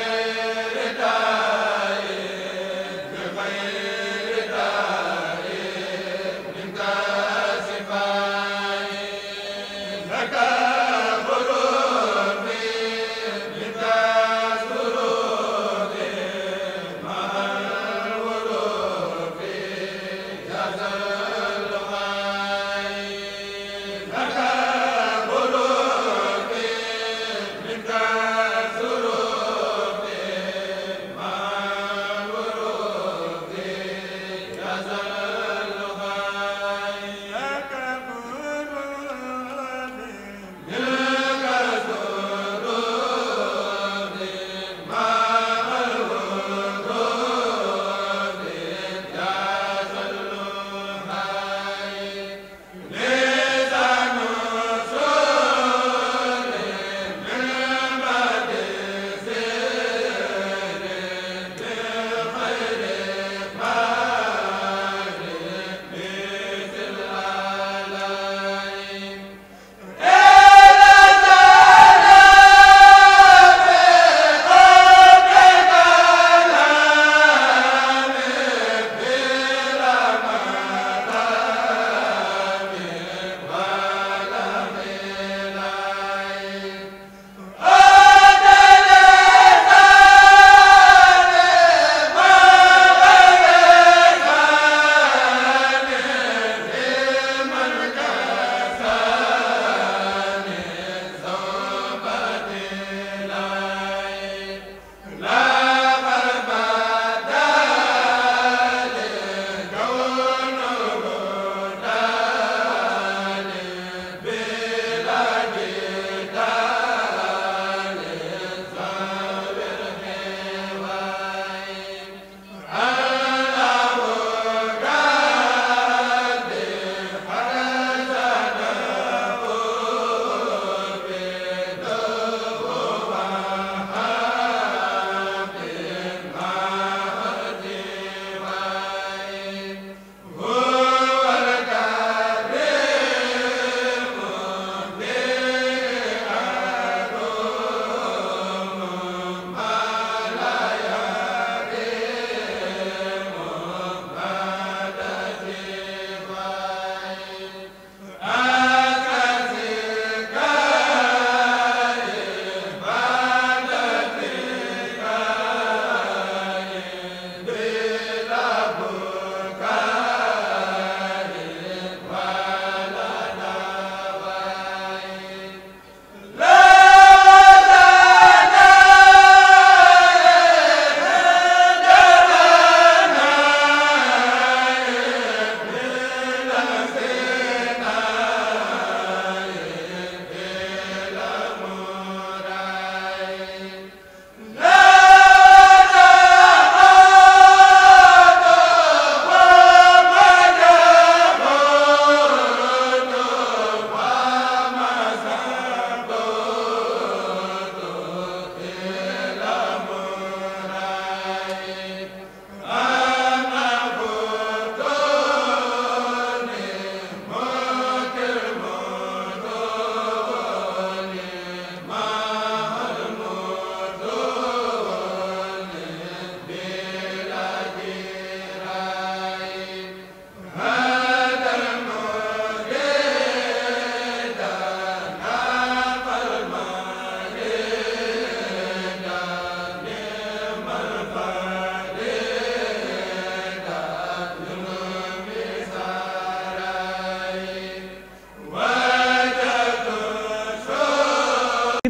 xayra